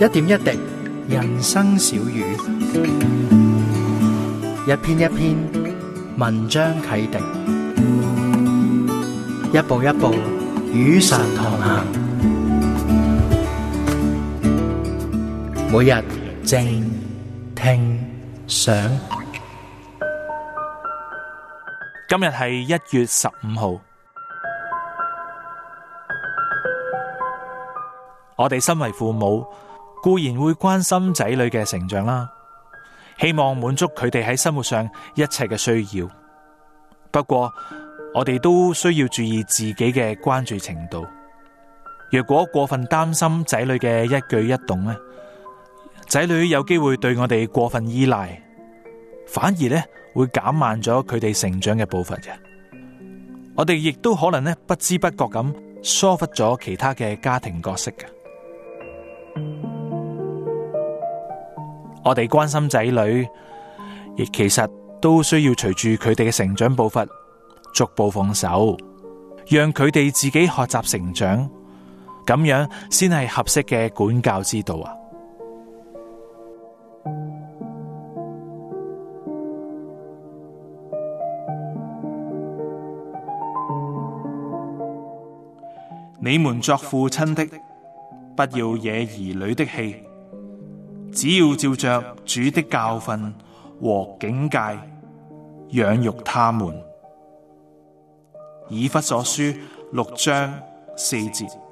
一點一滴，人生小語；一篇一篇，文章啟迪；一步一步，雨神同行。每日靜聽想，今日係一月十五號。我哋身為父母。固然會關心仔女嘅成長啦，希望滿足佢哋喺生活上一切嘅需要。不過，我哋都需要注意自己嘅關注程度。若果過分擔心仔女嘅一舉一動呢，仔女有機會對我哋過分依賴，反而呢會減慢咗佢哋成長嘅步伐嘅。我哋亦都可能呢，不知不覺咁疏忽咗其他嘅家庭角色嘅。我哋關心仔女，亦其實都需要隨住佢哋嘅成長步伐，逐步放手，讓佢哋自己學習成長，咁樣先係合適嘅管教之道啊！ 你們作父親的， 不要惹兒女的氣。只要照着主的教訓和警戒養育他們，以弗所書六章四節。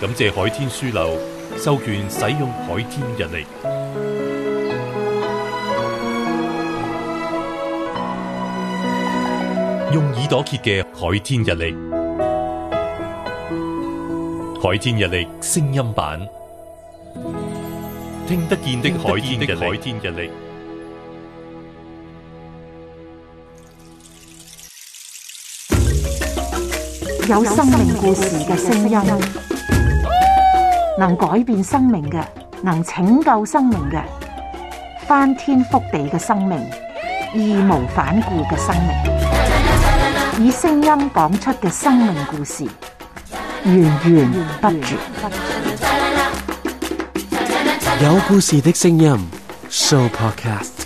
感謝海天書樓授權使用海天日曆，用耳朵揭嘅海天日曆，海天日曆聲音版，聽得見的海天日曆。海天日有生命故事嘅聲音，能改變生命嘅，能拯救生命嘅，翻天覆地嘅生命，義無反顧嘅生命，以聲音講出嘅生命故事，源源不絕。有故事嘅聲音，Sooo Podcast。